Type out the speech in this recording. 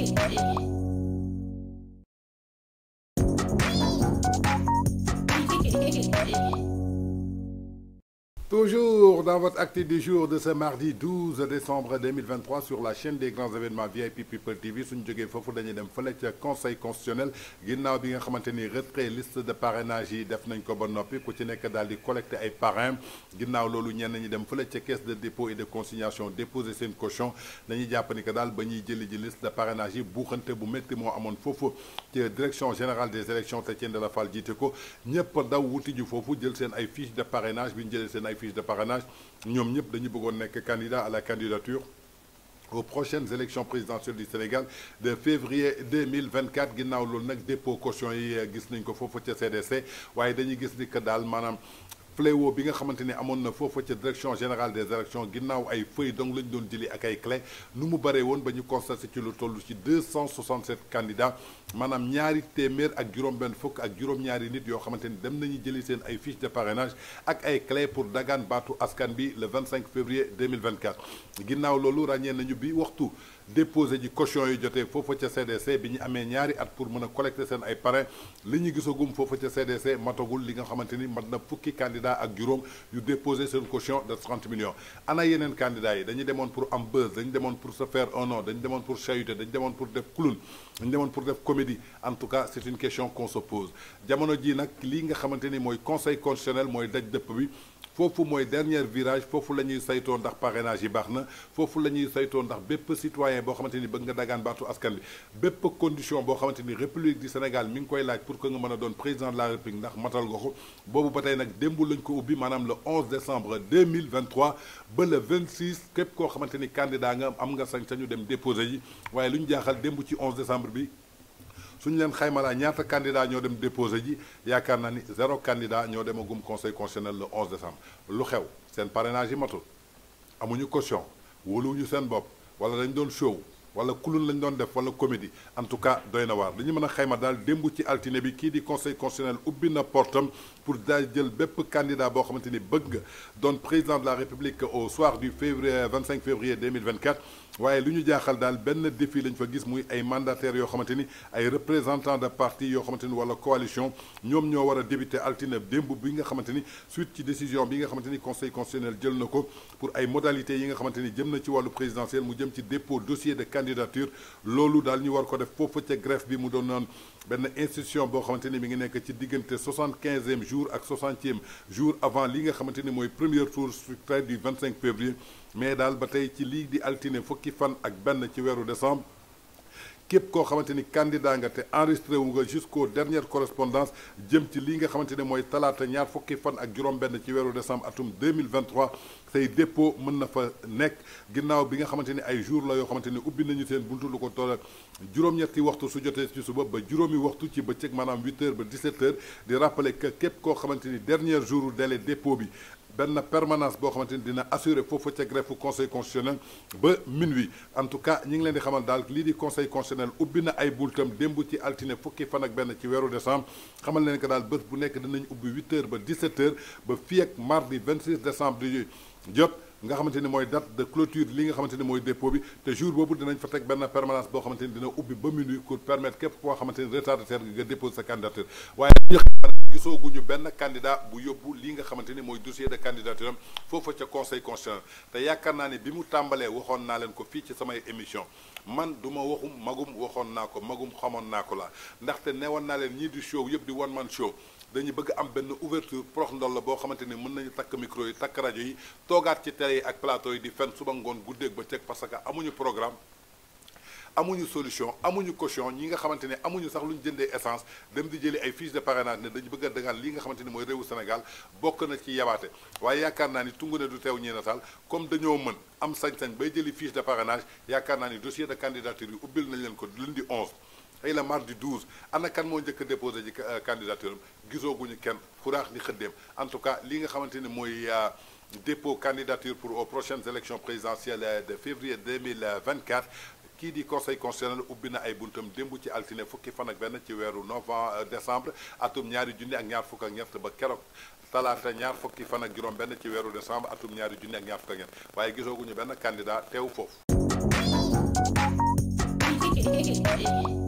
Thank you. Toujours dans votre acte du jour de ce mardi 12 décembre 2023 sur la chaîne des grands événements VIP People TV suñu jógee foofu dañuy dem ca conseil constitutionnel qui bi nga retrait liste de parrainage yi def nañ ko ba noppi ku ci nekk di collecter ay parrain nous avons ñenn ñi dem fële ca caisse de dépôt et de consignation déposer seen cochons, dañuy avons ni que daal ba ñuy liste de parrainage yi buuxante bu métti moo amoon ci direction générale des élections de la Fall diteko ko ñëpp daw wuti ji du jël seen ay fiche de parrainage bi ñu jëlee fiches de parrainage Nous avons tous candidat à la candidature aux prochaines élections présidentielles du Sénégal de février 2024 ginnaaw nous nag dépôt caution yi gis a ko foofu ca CDC waaye dañuy gis que fléau bi nga xamante amon na fofu ci direction générale des élections ginnaw ay feuilles donc lañ doon jëli ak ay clé nu mu baree woon ba ñu constaté ci lu tollu ci 267 candidats manam ñaari téeméer ak juróom ben fuk ak juróom-ñaari nit yo xamante dem nañu jëli seen ay fiches de parrainage ak ay clé pour dagan batu askan bi le 25 février 2024 ginnaw lolu quatre nañu bi waxtu déposé du caution yu joté fofu ci CDC bi ñu amee ñaari at pour mëna collecter sen ay parrain li ñu gisagum foofa ca CDC matagul li nga xamanteni mat na fukki candidat ak juroom yu déposé seen caution de 30 millions ana yenen candidat yi dañu démon pour am buzz dañu démon pour se faire un nom dañu démon pour chahuter dañu démon pour def clown dañu démon pour def comédie en tout cas c'est une question qu'on se pose jamono ji nak li nga xamanteni moy conseil constitutionnel moy daj depp bi fofu moy dernier virage fofu la sayto ndax parrainage yi baxna fofu lañuy la ndax bép citoyen bo xamanteni bëgg nga dagaan baatu askan bi bép condition bo xamanteni république du Sénégal mi ngi koy laaj pour que nga mëna a doon président de la république ndax matal nga ko boobu ba tey nag lañ ko ubbi manam le 11 décembre 2023 ba le 26 képp ko xamanteni candidat nga am nga sañ-sañu dem déposer yi waye luñu jaxal jaaxal démb ci 11 décembre bi suñu leen xaymalaa ñaata candidat ñoo dem déposé Il y a ni zéro candidat ñoo dem déposé au conseil constitutionnel le 11 décembre lu c'est un parrainage yi matul amuñu caution wóoluwuñu seen bopp wala dañ doon show wala kulun lañ doon def wala comédie en tout cas doy na waar li ñu mën a xayma daal démb ci altine bi kii di conseil constitutionnel ubbi na portam pour daal jël bépp candidat boo xamante ni bëgg nga doon président de la république au soir du février 25 février 2024 waaye lu ñu jaaxal daal benn défi lañ fa gis muy ay mandataires yoo xamante ni ay représentants de parti yoo xamante ni wala coalition ñoom ñoo war a débuté altine démb bi nga xamante ni suite ci décision bi nga xamante ni conseil constitutionnel jël na ko pour ay modalités yi nga xamante ni jëm na ci wàllu présidentiel mu jëm ci dépôt dossier de candidature L'Olou daal war ko def greffe bi mu doon institution le xamanteni e mi ngi nek ci diggante 75e jour ak 60e jour avant li nga xamanteni moy premier tour scrutin du 25 février mais dans la bataille ci la di altine fukki fan ak ben ci wéru décembre képp koo xamante ni candidat nga te enregistré wu nga jusqu'aux dernières correspondances jëm ci li nga xamante ne mooy talaata ñaar fukki fan ak juróom-benn ci weeru décembre atum 2023 say dépôt mën na fa nekk ginnaaw bi nga xamante ni ay jour la yoo xamante ni ubbi nañu seen buntu lu ko toll juróom-ñetti waxtu su jotee ci suba ba juróomi waxtu ci bëccëg maanaam 8 heures ba 17 heures di rappeler que képp koo xamante ni dernier jour délai dépôt bi ben permanence boo xamante ni dina assurer foofu ca greffe conseil constitutionnel ba minuit en tout cas ñi ngi leen di xamal daal lii di conseil constitutionnel ubbi na ay bulletam démb ci altine fukki fan ak benn ci weeru décembre xamal leen que daal bés bu nekk dinañ ubbi 8 heures ba 17 heures ba fii ak mardi 26 décembre di jot nga xamante ni mooy date de clôture li nga xamante ni mooy dépôt bi te jour boobu dinañ fa teg benn permanence boo xamante ni dina ubbi ba minuit pour permettre képp koo xamante ni retardataire nga déposer sa candidature waaye gisooguñu benn candidat bu yóbbu lii nga xamante ni mooy dossier de candidature foofa ca conseil constitutionnel te yaakaar naa ne bi mu tàmbalee waxoon naa leen ko fii ci samay émission man du ma waxum magum waxoon naa ko magum xamoon naa ko la ndaxte newoon naa leen ñii di show yëpp di one man show dañu bëgg am benn ouverture prox ndol la boo xamante ni mën nañu takk micro yi takk rajo yi toogaat ci télé yi ak plateau yi di fen suba ngoon guddeeg ba cëg parce que amuñu programme amuñu solution amuñu caution ñi nga xamante ne amuñu sax luñu ñu jëndee essence dem di jëli ay fiche de parrainage ne dañu bëgg a dagaan li nga xamante ni mooy réewu Sénégal bokk na ci yabaate waaye yaakaar naa ni tungu ne du teew ñi nataal comme dañoo mën am sañ-sañ bay jëli fiche de parrainage yaakaar naa ni dossier de candidature yi ubbil nañ leen ko lundi 11 ay la mardi 12 ana kan moo njëkk a déposé ci euh, candidature am gisoo kenn xuraax ni xëddeem en tout cas li nga xamante ni mooy euh, dépôt candidature pour aux prochaines élections présidentielles euh, de février 2024 kii di conseil constitutionnel ubbi na ay buntam démb ci altine fukki fan ak benn ci weeru novembre euh, décembre atum ñaari junni ak ñaar fukk ak ba keroog talaata ñaar fukki fan ak juróom benn ci weeru décembre atum ñaari junni ak ñaar fukk ak ñett waaye gisooguñu benn candidat teew foofu